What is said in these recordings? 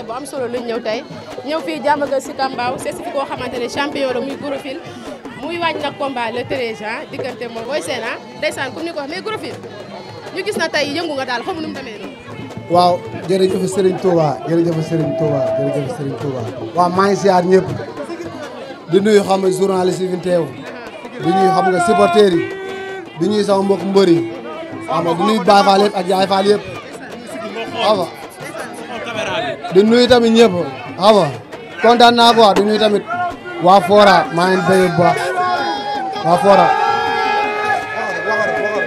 taxawaay bu am solo lañ ñëw tey ñëw fii jàmbagal si Kambaaw seet si koo xamante ne champion la muy Gros File muy waaj nag combat le 13 ah diggante moom booy seen ah ndeysaan comme ni ko wax mais ñu gis na tey yëngu nga daal xamu nu mu demee noonu. waaw jërëjëf Serigne Touba jërëjëf Serigne Touba jërëjëf Serigne Touba. waaw maa ngi siyaar di nuyu xam nga si yi fi teew di nuyu xam nga supporters di ñuy sama mbokk mbër yi xam nga di nuyu Baay Faal yëpp ak Yaay Faal yëpp di nuyu tamit ñëpp xam ah nga kontaan naa quoi di nuyu tamit waa Fora maa ngi leen di baax waa Fora.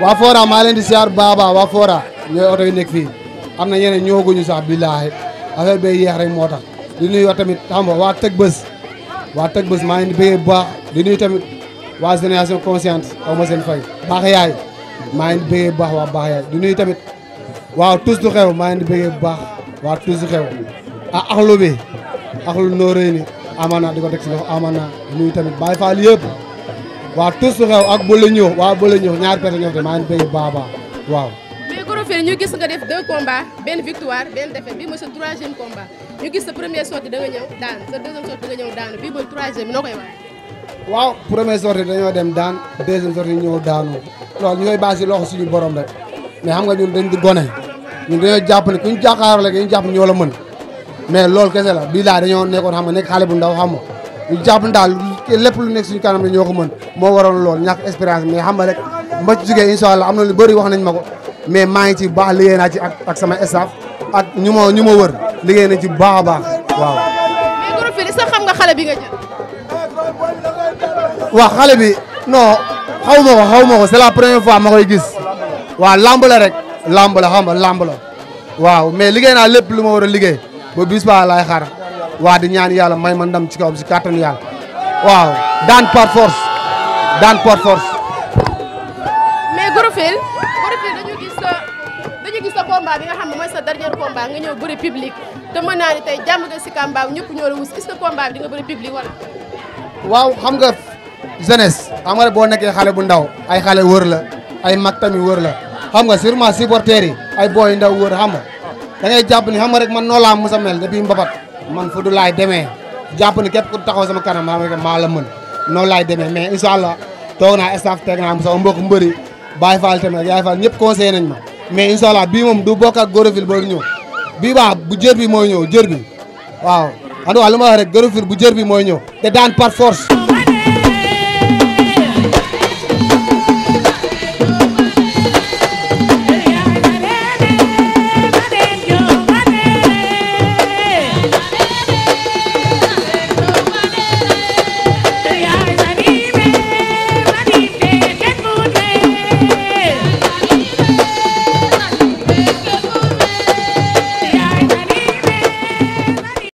waa Fora maa leen di siyaar baaba waa Fora ñooy oto yi nekk am na ñeneen ñooguñu sax billaahi affaire bay yeex rek moo tax di nuyu wa tamit xam waa teg bës waa teg bës maa ngi leen baax di nuyu tamit waa génération consciente xaw ma fay baax yaay maa ngi leen baax waa baax yaay di nuyu tamit waaw tous du maa ngi leen baax waa tuuti xew ah axlu bi axlu nooree ni amana di ko teg si loxo amana nuyu tamit Baye Fall yëpp waa tuuti xew ak bële waa bële ñëw ñaari perte ñëw te maa ngi bëgg baaba waaw. mais Gora Fane ñu gis nga def deux combats benn victoire benn défaite bii mooy sa troisième combat ñu gis sa première sortie da ñëw daan sa deuxième sortie da nga ñëw daan bii mooy troisième noo koy waaw première sortie dañoo dem daan deuxième sortie ñëw daanu loolu ñu koy baasi loxo suñu borom rek xam nga ñun dañ di ñun dañoo jàpp ne kuñ jàkkaarloo rek dañu jàpp ñoo la mën mais loolu kese la bii daal nekkoon xam nga nekk xale bu ndaw xam nga ñu jàpp daal lépp lu nekk suñu kanam dañoo ko mën moo waroon lool ñàkk expérience mais xam nga rek mba ci jógee incha allah am na lu bëri wax nañ ma ko mais maa ngi ci bu baax liggéey naa ci ak ak sama ak ñu ma ñu ma wër liggéey a baax waaw. mais Gora Fili sax xam nga xale bi nga jël. waaw xale bi non xaw ma ko xaw ma ko c'est la première fois ma koy gis waaw lamb la rek. làmb la xam nga làmb la waaw mais liggéey naa lépp lu ma war a liggéey ba bis ba laay xaar waa di ñaan yàlla may ma ndam ci kawam si kàttanu yàlla waaw daan par force daan par force. mais dañu gis sa dañu gis nga xam ne mooy sa dernier combat nga ñëw bëri public te mën naa ne tey si kàmbaaw ñëpp ñoo la wus est-ce que di nga bëri public wala. waaw xam nga jeunesse xam nga boo nekkee xale bu ndaw ay xale wër la ay mag tamit wër la. xam nga sûrement supporters yi ay booy ndaw wër xam nga da jàpp ni xam nga rek man noo laa mos a mel man fu du demee jàpp ni képp ku taxaw sama kanam xam maa la mën noo laay demee mais incha allah toog naa staff teg naa sama mbokk mbëri Baye Fall tamit ak Yaay Fall ñëpp conseillé nañ ma mais incha allah bii moom du bokk ak Gorofil boobu ñëw bii baax bu jër bi mooy ñëw jër waaw en tout lu ma rek Gorofil bu jër bi ñëw te daan par force